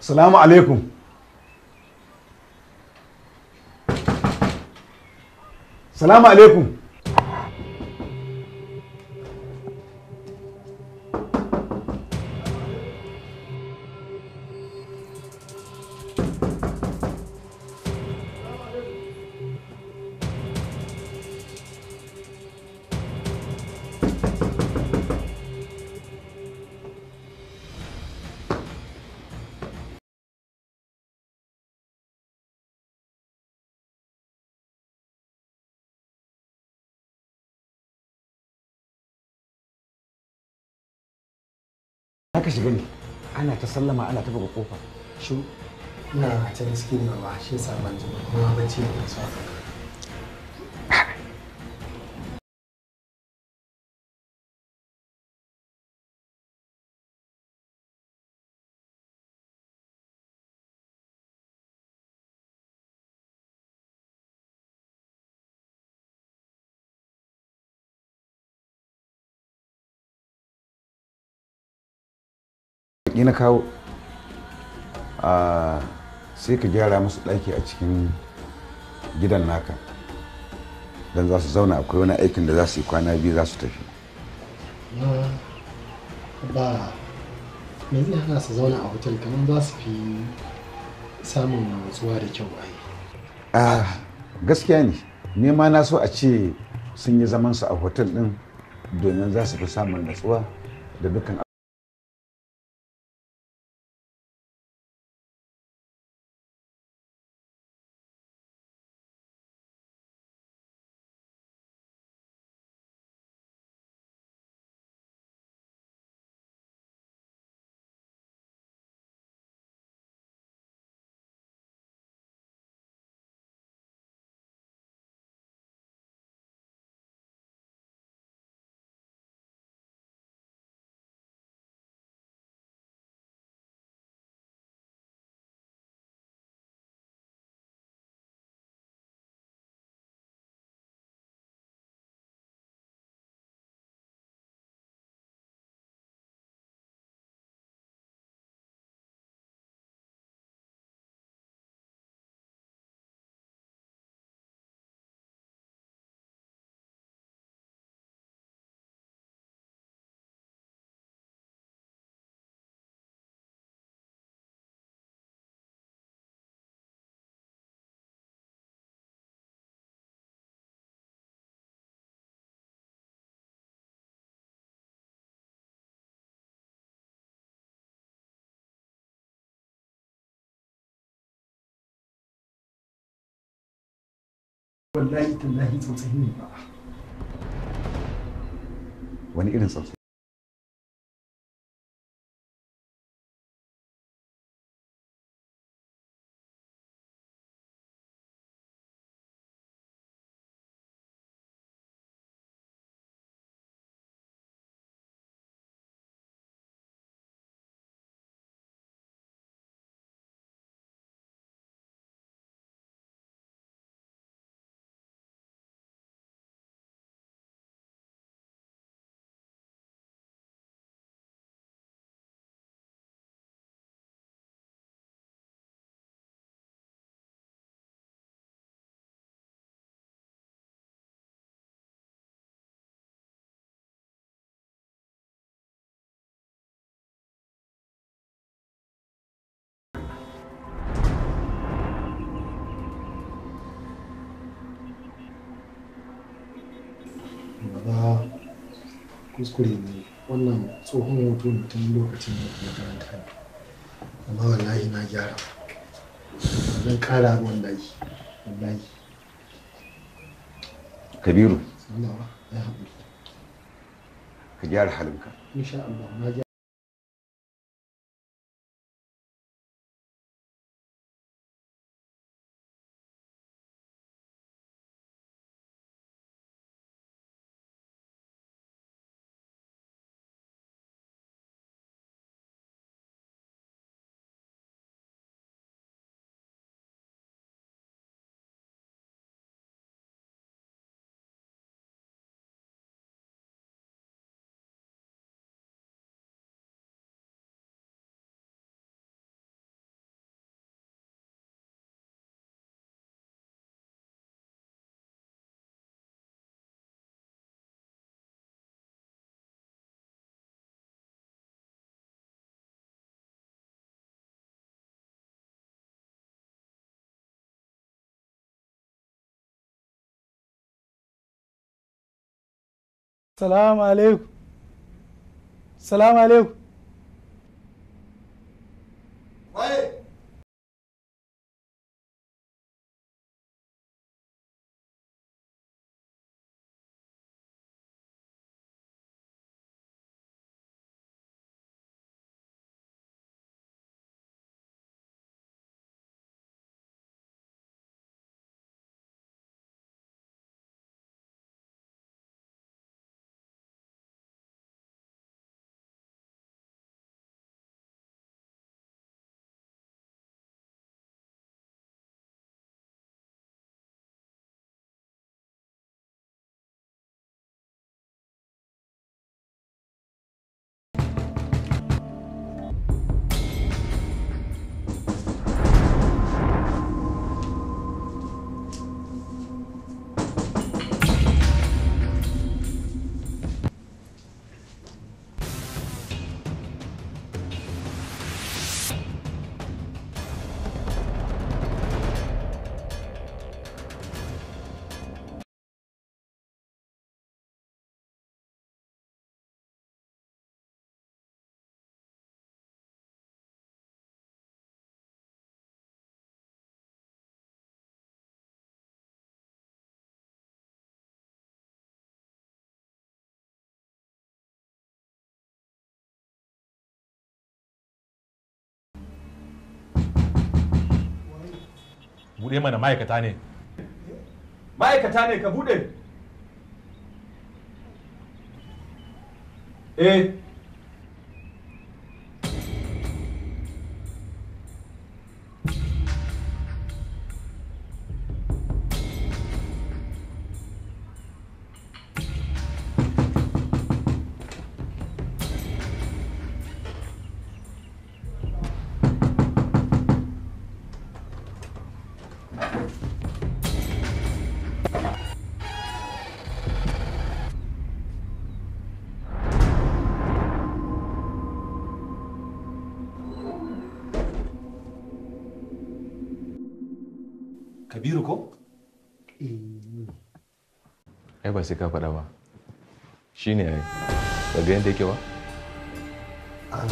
salamu alaikum salamu alaikum aka shiga ne ana ta sallama ana ta buga kofa shu ina ta gaske ne ba shi yasa ban ji bacci ne haka. yi na kawo sai ka gyara musu ɗaki a cikin gidan naka don za su zauna akwai wani aikin da za su yi kwana biyu za su tafi ba mai zai hana su zauna a hotel kamar za su fi samun nutsuwa da kyau a gaskiya ne nema na so a ce sun yi zamansu a hotel din domin za su fi samun natsuwa da dukkan wallahi tallahi tsautsayi ne ba wani irin tsautsayi kuskure ne wannan tsohon hoto ne tun lokacin da makaranta ne amma wallahi na gyara zan kara daji wallahi kabiru ka gyara halinka insha Allah na salamu alaikum salamu alaikum buɗe mana ma'aikata ne ma'aikata ne ka buɗe eh ba sai ka faɗa ba shi ne ba ga yadda yake ba ah,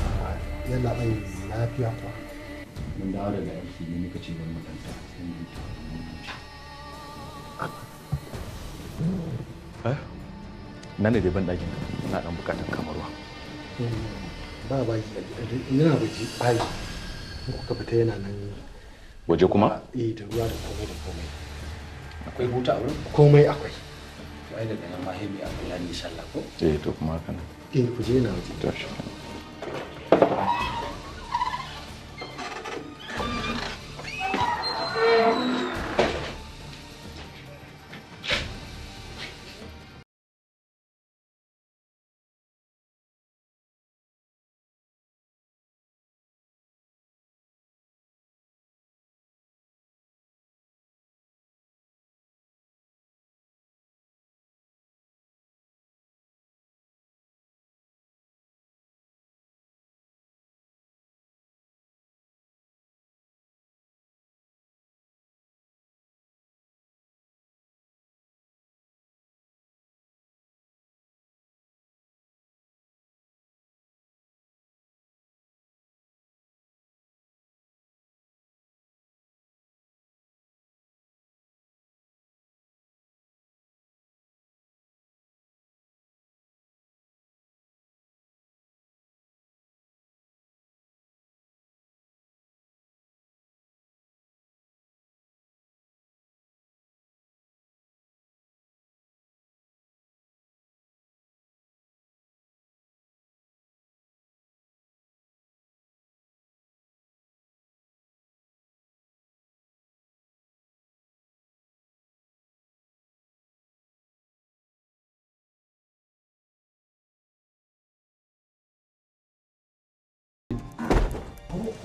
yana bai lafiya kuwa mun dawo daga aiki ne muka ce wani makanta sai mun ta eh? nan ne dai ɗakin na ɗan buƙatar kamarwa ba ba yana ai kuka fita yana nan waje kuma eh da ruwa da komai da komai akwai huta a wurin komai akwai ai daga nan ma hemi abdullahi sallah ko eh to kuma haka ne eh, ku je na waje to shi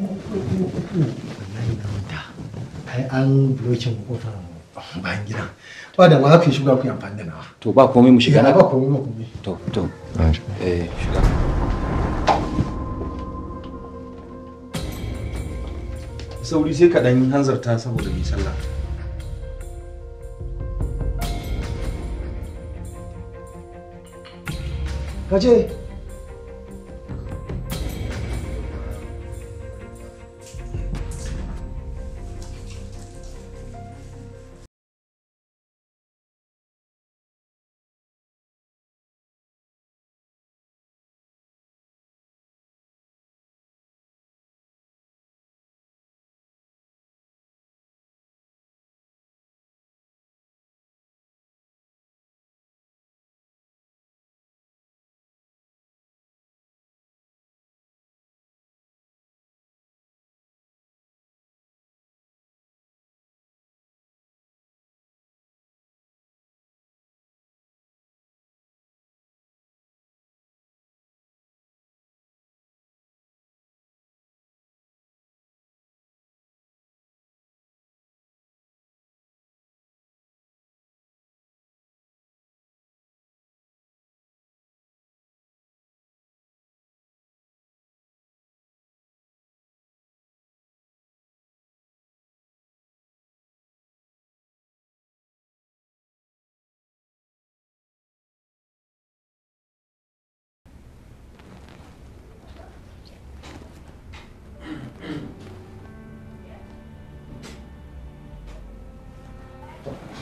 wallahi na ai an blokin kofar bayan gidan ba da ma ku shiga ku amfani da nawa to ba komai mu shiga na ba komai ba komai to to eh shiga sauri sai ka dan hanzarta saboda mai sallah kaje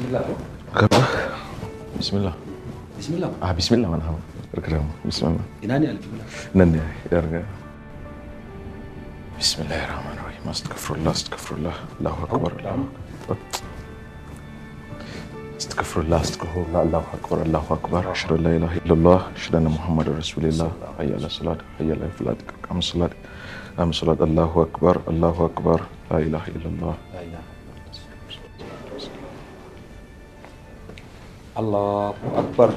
بسم الله بسم الله بسم الله اه بسم الله وانا ركرم بسم الله اناني الف بالله اناني يا بسم الله الرحمن الرحيم استغفر الله استغفر الله الله اكبر استغفر الله استغفر الله الله اكبر الله اكبر اشهد ان لا اله الا الله اشهد ان محمد رسول الله حي على الصلاه حي على الفلاح قم الصلاه قم الصلاه الله اكبر الله اكبر لا اله الا الله لا اله الله أكبر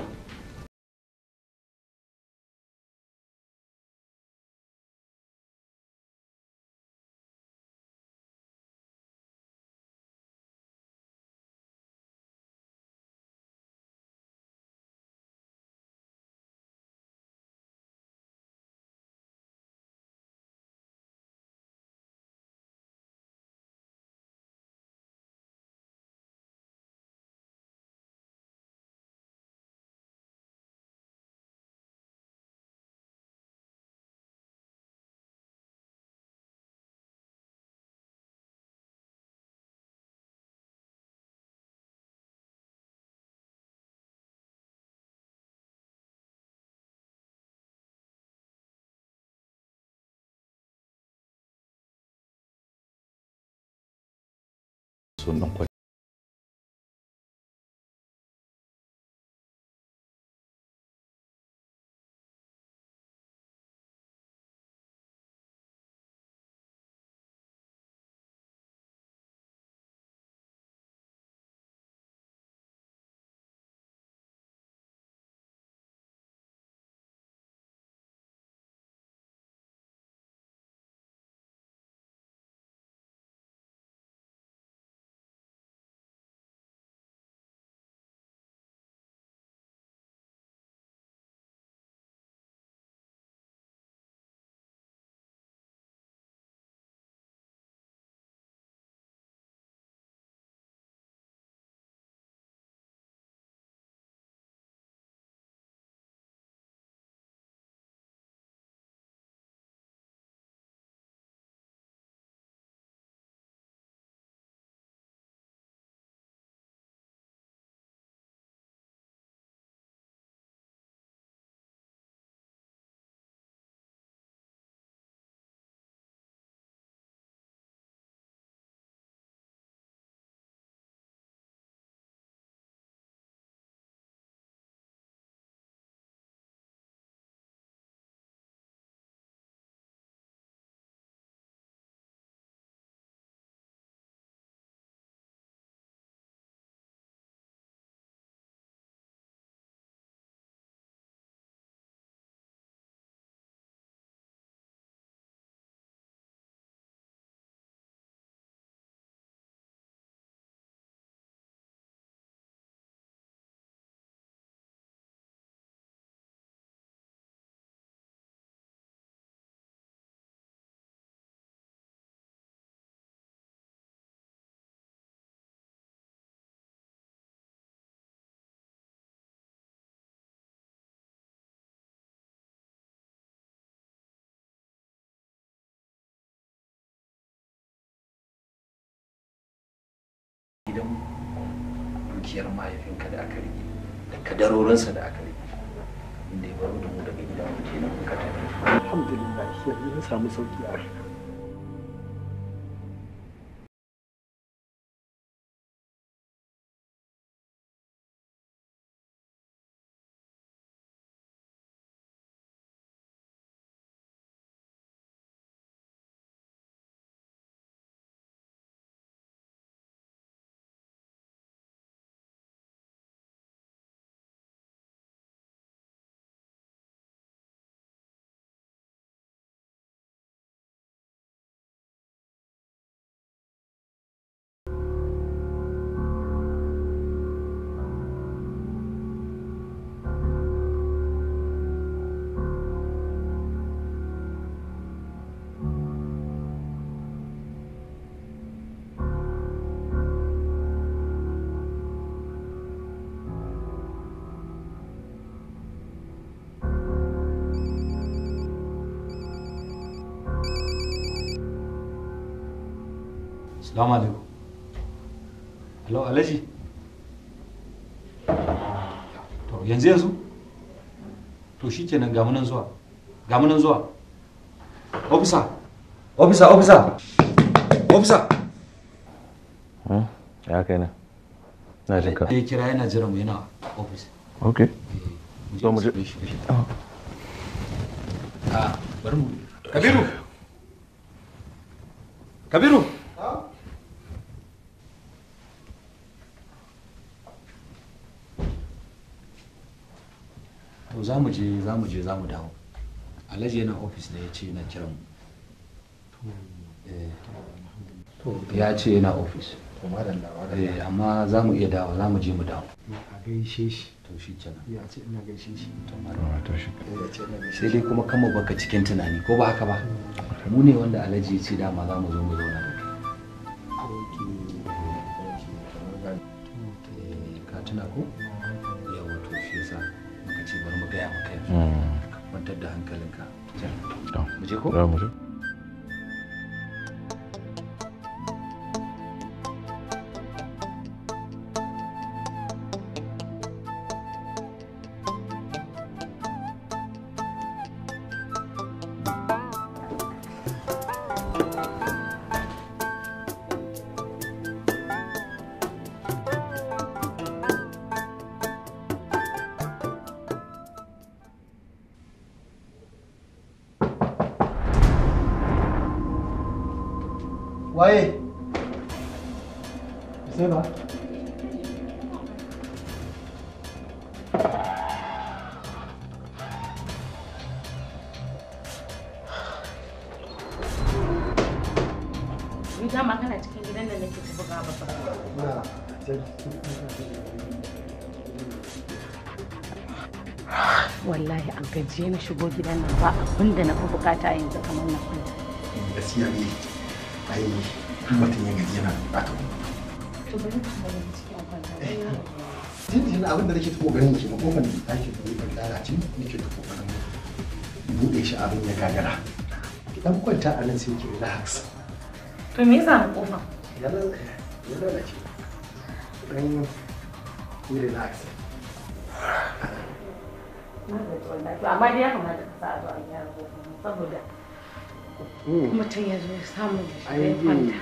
就弄坏。idan dukiyar mahaifinka da aka rike da kadarorinsa da aka rike inda ya baro da mu daga gida mu kenan muka tafi alhamdulillah yanzu na samu sauki a Salamu alaikum. Hello, alaji To, yanzu yanzu? To shi kenan ga munan zuwa. Ga munan zuwa. Ofisa. Ofisa, ofisa. Ofisa. Ya kai na. Na jin ka. Ya kira yana jira mu yana ofis. ok Zo eh, mu je. Ah. ah, bari mu. Kabiru. Kabiru. to za mu je za mu je za mu dawo alhaji yana ofis da ya ce yana kiran mu eh, ya ce yana ofis eh, amma za mu iya dawo za mu je mu dawo a gaishe shi to shi kenan ya ce ina gaishe shi to marwa to shi sai dai kuma kama baka cikin tunani ko ba haka ba mu ne wanda alhaji ya ce dama za mu zo mu zauna da kai eh, ka tuna ko kwantar da hankalinka. Mu je ko? wallahi an gaje na shigo gidan nan ba abin da na fi bukata yanzu kamar na kwanta gaskiya ne ai mutum ya gajiya na bukata to bari ku bari cikin kwanta eh, abin da nake ke da take da nake bude shi abin ya gagara ki dan kwanta a nan sai ki relax to me yasa kofa dan relax amma dai ya kamata ka sa a a gyara kofin saboda mutum ya zo samun da shi zai kwanta.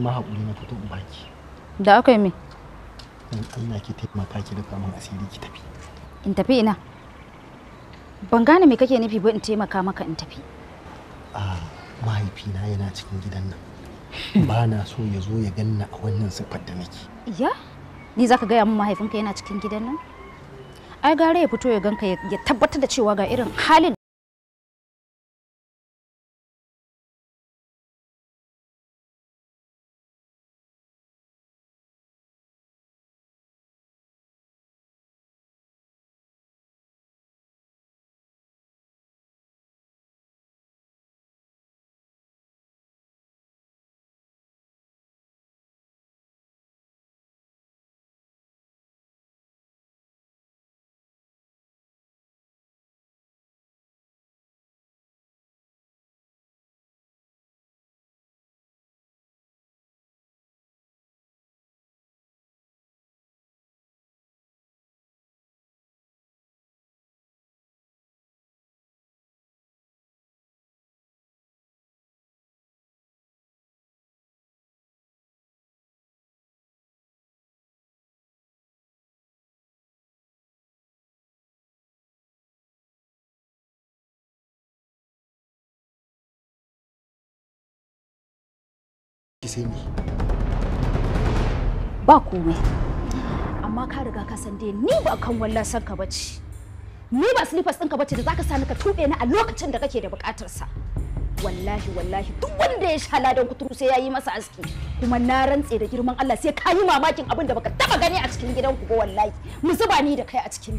ma haƙuri na fito in baki da aka yi me in Allah ki taimaka ki da kamun asiri ki tafi in tafi ina ban gane me kake nufi ba in taimaka maka in tafi a mahaifina yana cikin gidan nan ba na so ya zo ya ganna a wannan siffar da nake ya ni zaka gaya min mahaifinka yana cikin gidan nan ai gare ya fito ya ganka ya tabbatar da cewa ga irin halin sai ba komai amma ka riga ka san dai ni ba kan wallan ka bace ni ba slippers ka bace da zaka sani ka tuɓe ni a lokacin da kake da buƙatar sa wallahi wallahi duk wanda ya sha ladan kuturu sai ya yi masa aski kuma na rantse da girman Allah sai ka yi mamakin abin da baka taba gani a cikin gidanku ba wallahi mu zuba ni da kai a cikin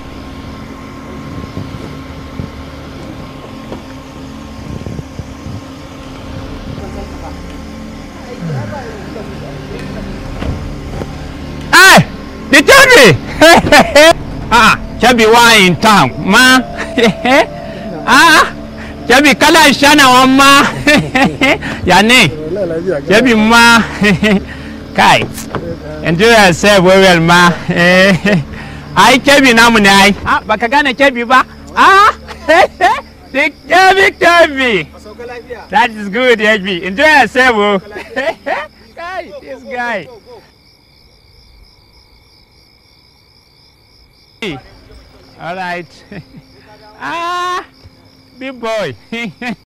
be why in town ma ah shebi kala shana wa ma ne? name shebi ma kai enjoy yourself well well ma ai kebi namu ne ai ah baka gane kebi ba ah the kebi kebi that is good hb enjoy yourself oh kai this guy All right. ah, big boy.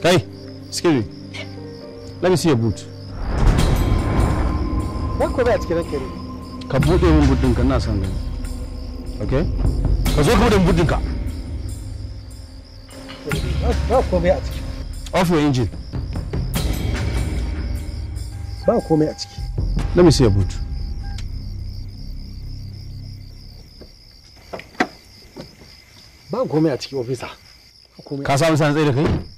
kai excuse me. Let me see your boot. What could I get you? Ka buɗe min boot ka na san gani. Okay? Ka zo ka buɗe min boot ka. Ba komai a ciki. Off your engine. Ba komai a ciki. Let me see your boot. Ba komai a ciki officer. Ka samu san tsaye da kai?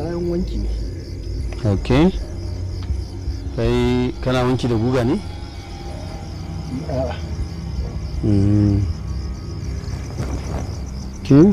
kayan wanki ne ok kai kana wanki da guga ne? a'a mm. okay.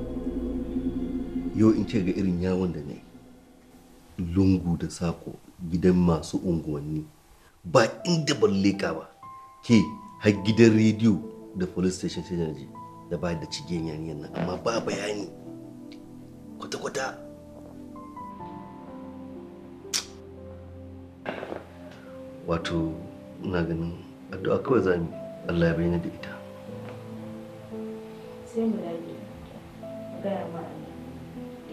yau in ce ga irin yawon da ne lungu da sako gidan masu unguwanni ba inda ban leka ba ke har gidan rediyo da police station sai je da ba da cigiyan yanyan nan amma ba bayani kwata-kwata wato na ganin addu'a kawai za Allah ya bayyana da ita sai mu rage gaya ma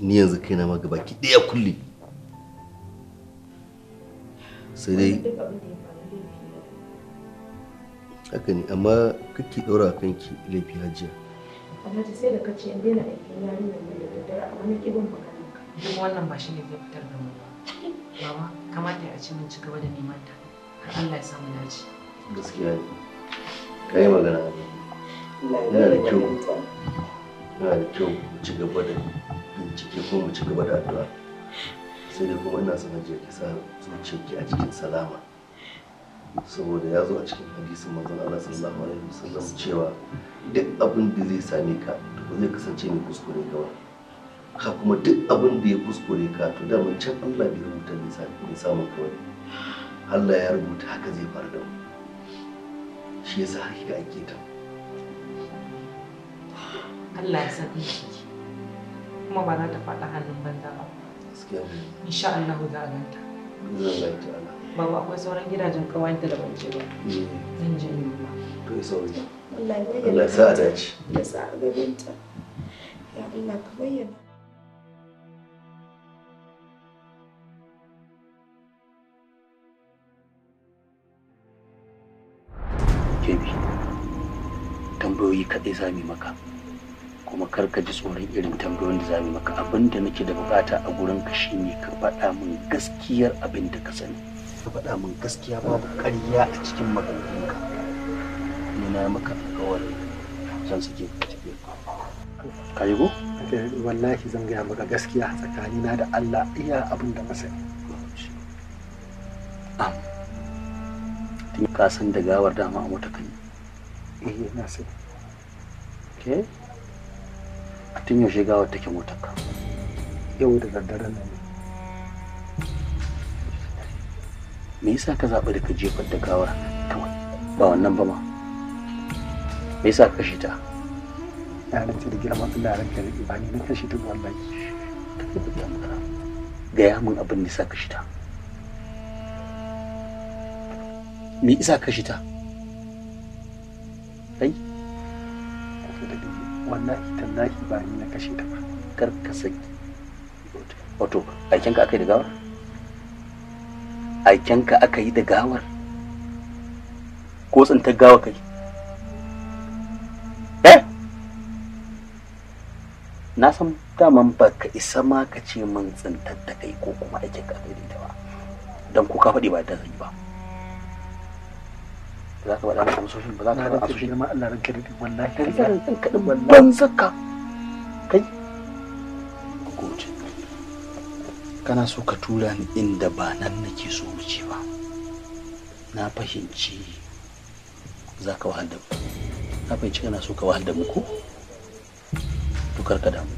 ni yanzu kai na ma gaba ki ɗaya kulle sai dai haka ne amma kake ɗora kanki laifi hajiya amma ta sai da kace in daina aiki yarinyar ne da dare amma na ƙi bin maganarka kuma wannan ba shi ne zai fitar da mu mama kamata a ci mun ci gaba da neman ta har Allah ya samu dace gaskiya ne kai magana ne yana da kyau yana da kyau ci gaba da ciki ko mu ci gaba da addu'a sai dai kuma ina son na je ki sa zuciyarki a cikin salama saboda ya zo a cikin hadisin manzon Allah sallallahu alaihi wasallam cewa duk abin da zai same ka to zai kasance mai kuskure gaba ka kuma duk abin da ya kuskure ka to da can Allah bai rubuta ne samun kawai Allah ya rubuta haka zai faru da mu shi yasa hakika ake ta Allah ya saka kuma ba za ta faɗa hannun banza ba insha Allah za a ganta babu akwai sauran gidajen kawanta da bance ba mm. zan je yi ba to ya sauri Allah sa a dace da sa a gabanta ya Allah ka bayyana Kebi, tambayoyi kaɗai za mu maka kuma kar ka ji tsoron irin tambayoyin da za mu maka abin da nake da bukata a gurin ka shine ka faɗa min gaskiyar abin da ka sani ka faɗa min gaskiya babu ƙarya a cikin maganganunka ni na maka alƙawarin zan sake ka tafi ka yi go eh, wallahi zan gaya maka gaskiya tsakanina da Allah iya abin da ka sani tun ka san da gawar dama a mota kan eh na sai okay tun yaushe gawar take motar ka yau da nan me yasa ka zaɓi da ka jefar da gawar ba wannan ba ma me yasa ka shi ta na rance da girman Allah ranka da ba ni na ta wallahi gaya min abin da ta me yasa shi ta wallahi tallahi ba ni na kashe ta ba kar ka saki wato aikin ka aka yi da gawar aikin ka aka yi da gawar ko tsinta gawa kai eh na san daman ba ka isa ma ka ce min tsintar da kai ko kuma aikin ka aka yi da ita ba don ko ka faɗi ba ta zai ba za ka faɗa amsoshin ba za ka faɗa amsoshin ma Allah ranka dade wallahi kai zan tsin kadin ban zakka kai goje kana so ka tura ni inda ba nan nake so mu ce ba na fahimci za ka wahal da mu na fahimci kana so ka wahal da mu ko to kar ka damu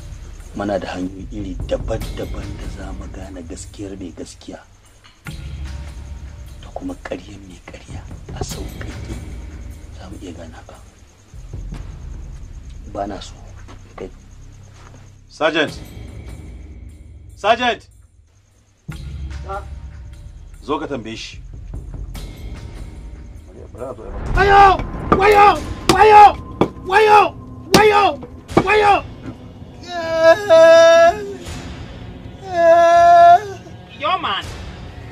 mana da hanyoyi iri daban-daban da za mu gane gaskiyar mai gaskiya kuma ƙarya mai ƙarya a sauƙi za mu iya gana ba ba na so kai sergeant sergeant zo ka tambaye shi wayo wayo wayo wayo wayo wayo Yo man.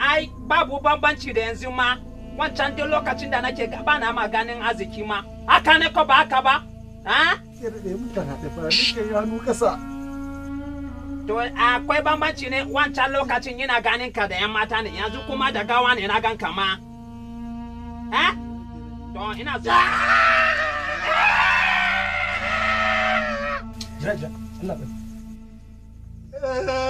ai babu bambanci da yanzu ma wancan duk lokacin da nake gaba na ganin arziki ma haka ne ko ba haka ba ha to akwai bambanci ne wancan lokacin yana ganin ka da yan mata ne yanzu kuma da gawa ne na gan ka ma ha to ina so Allah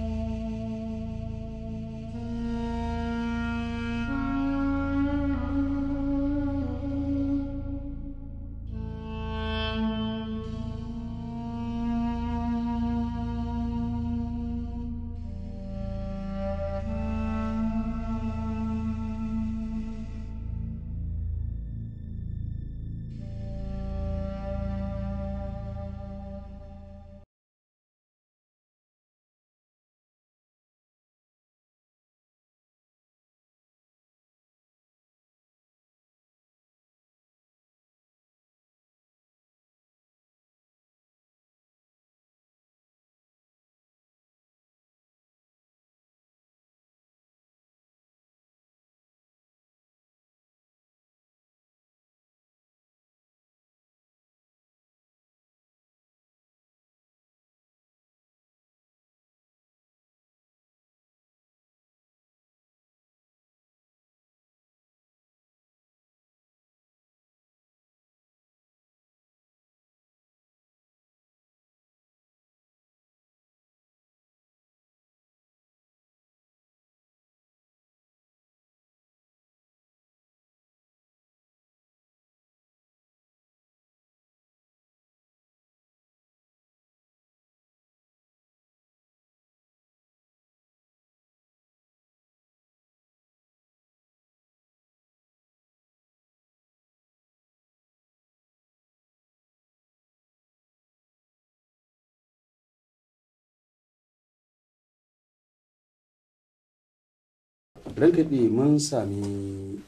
rankaɗe mun sami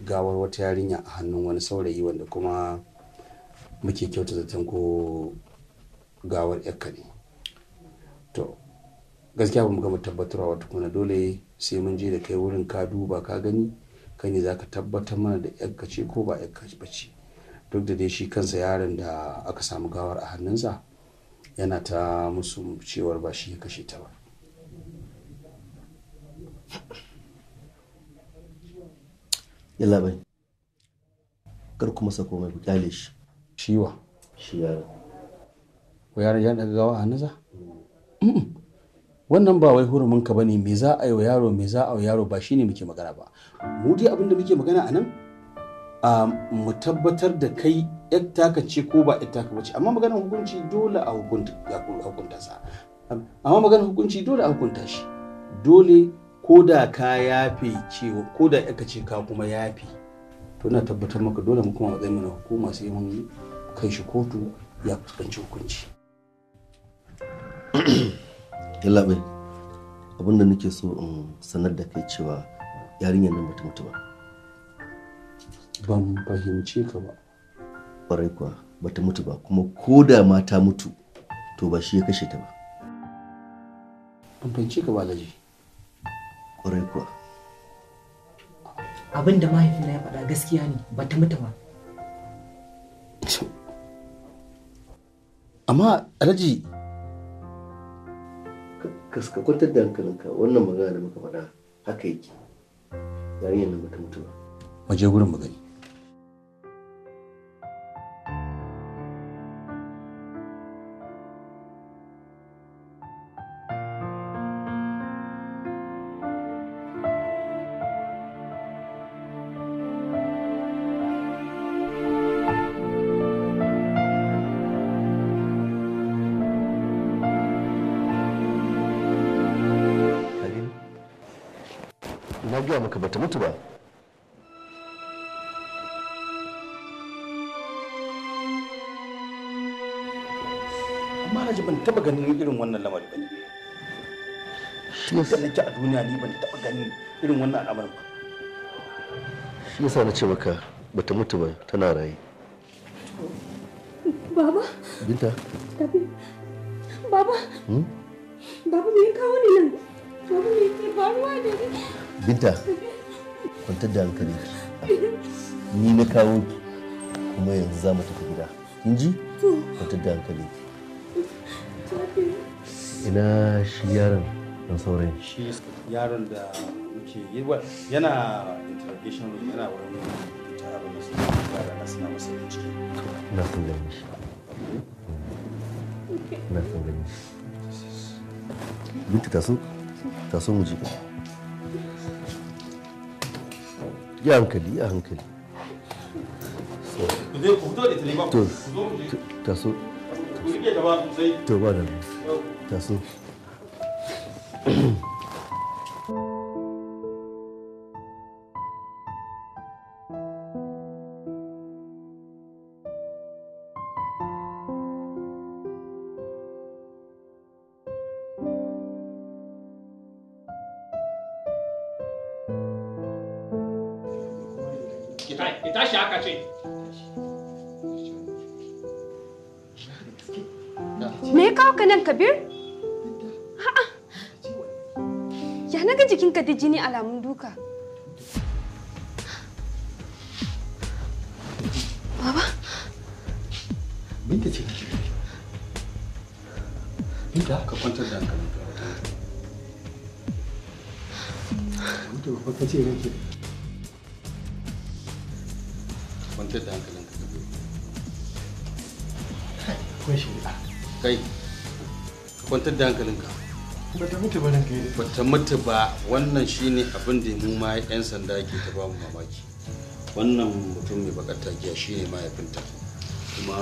gawar wata yarinya a hannun wani saurayi wanda kuma muke kyauta zaton ko gawar yakka ne to gaskiya ba mu gama tabbatarwa wata kuna dole sai mun je da kai wurin ka duba ka gani kai ne za ka tabbatar mana da yakka ce ko ba yakka ba ce duk da dai shi kansa yaron da aka samu gawar a hannunsa yana ta musu cewar ba shi ya kashe ta ba yalla bai kar kuma sa komai ku kyale shi shiwa shi yaron ko yaron ya daga gawa a hannunsa wannan ba wai hurumin ka bane me za a yi wa yaro me za a yi yaro ba shine muke magana ba mu dai abin da muke magana a nan mu tabbatar da kai yar taka ce ko ba yar taka bace amma maganar hukunci dole a hukunta sa amma maganar hukunci dole a hukunta shi dole ko da ka yafe cewa ko da aka ce ka kuma yafe to na tabbatar maka dole mu kuma matsayin ko hukuma sai mun kai shi kotu ya fuskanci hukunci yallaɓai abin da nake so in sanar da kai cewa yarinyar nan mutum ba ban fahimce ka ba ƙwarai kuwa bata mutu ba kuma ko da ma ta mutu to ba shi ya kashe ta ba ban fahimce ka ba laji Ƙwarai kuwa. Abin da mahaifina ya faɗa gaskiya ne ba ta mutu ba. Amma Alhaji ka kwantar da hankalinka wannan magana da muka faɗa haka yake. Yarinyar nan ba ta mutu ba. Mu je gurin mu tun da a duniya ni ban taɓa ganin irin wannan al'amarin ba shi yasa na ce maka bata mutu ba tana raye baba binta tafi baba hmm? baba me ya kawo ni nan baba me ke faruwa ne binta kwantar da hankali ni na kawo ki kuma yanzu za mu tafi gida kin ji kwantar da hankali ina shi yaron don sauran shi yaron da muke yi yana interrogation room yana wurin taro na yara na suna masa ciki na sun gani shi na sun gani shi binta taso taso mu ji ya hankali ya hankali to taso to ba da taso ki tashi haka ce. Me ya kawo Kabir? da jini alamun duka. Baba. Binta ce kake Binta ka kwantar da hankali ka Binta ba ka ce kake. Kwantar da Kai, kwantar da bata mutu ba nan kai wannan shine abin da mu ma yan sanda ke ta ba mu mamaki wannan mutum mai bakar takiya shine mahaifinta kuma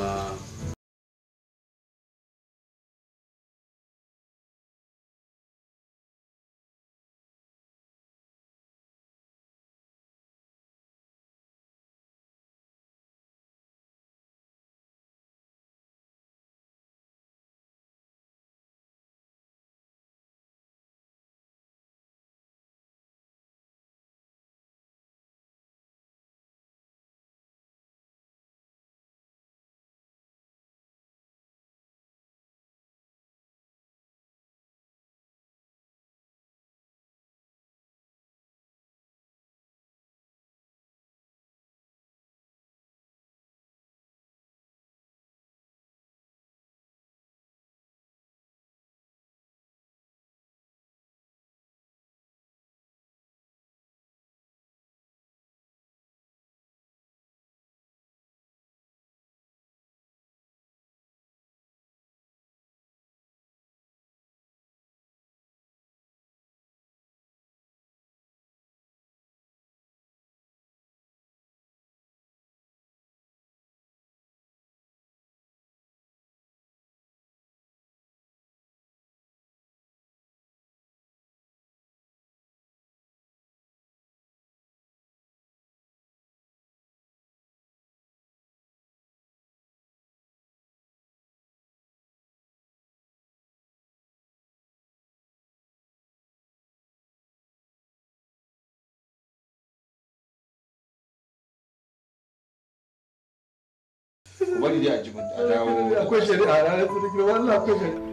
bari dai a jibin a dawo akwai shari'a ranar Allah akwai shari'a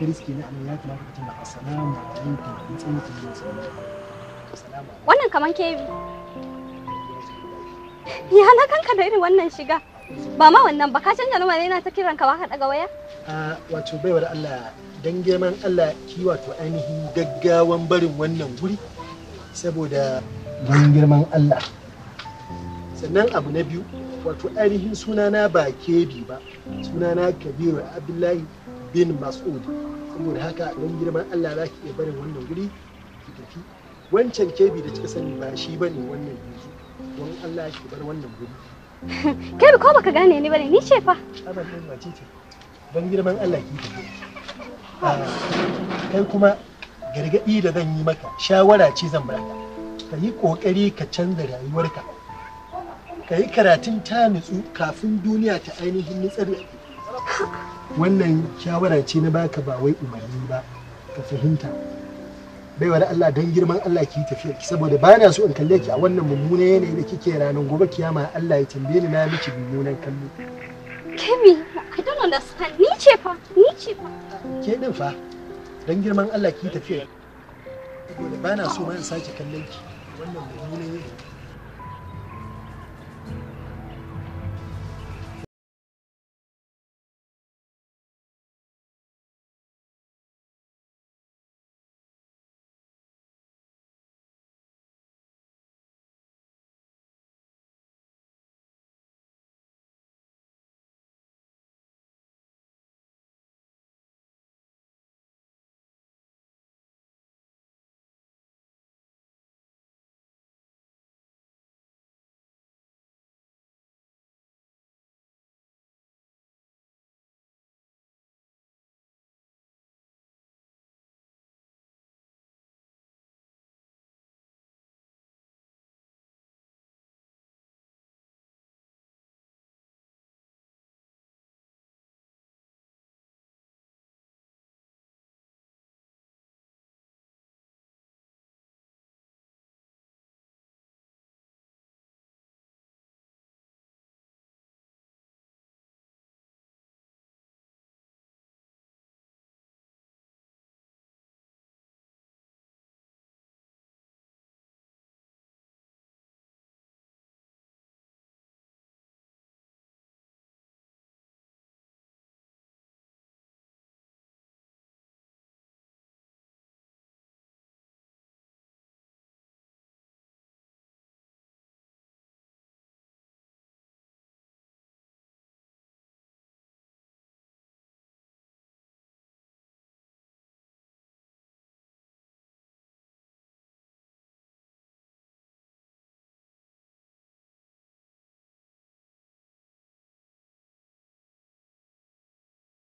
ka riske ni ya kamata ka tana assalamu alaikum in san mutum ne assalamu wannan kaman kebi ya na kanka da irin wannan shiga ba ma wannan ba ka canja numa ne na ta kiran ka ba ka daga waya a wato baiwar Allah dan girman Allah ki wato ainihin gaggawan barin wannan guri saboda dan girman Allah sannan abu na biyu wato ainihin sunana ba kebi ba sunana kabiru abdullahi bin mas'ud saboda haka don girman allah za ki iya barin wannan guri ki tafi wancan kebi da kika sani ba shi bane wannan yanzu don allah ki bar wannan guri kebi ko baka gane ni bane ni ce fa kai ma ce don girman allah ki tafi ah, kai kuma gargaɗi da zan yi maka shawara ce zan baka ka yi ƙoƙari ka canza rayuwarka ka yi karatun ta nutsu kafin duniya ta ainihin nutsar da wannan shawara ce na baka ba wai umarni ba ka fahimta bai da Allah don girman Allah ki tafiya ki saboda ba na so in kalle ki a wannan mummunan yanayi da kike ranar gobe kiyama Allah ya tambaye ni na miki mummunan kallo Kemi I don't understand ni ce fa ni ce fa ke din fa don girman Allah ki tafiya saboda ba na so ma in sake kallon ki wannan mummunan yanayi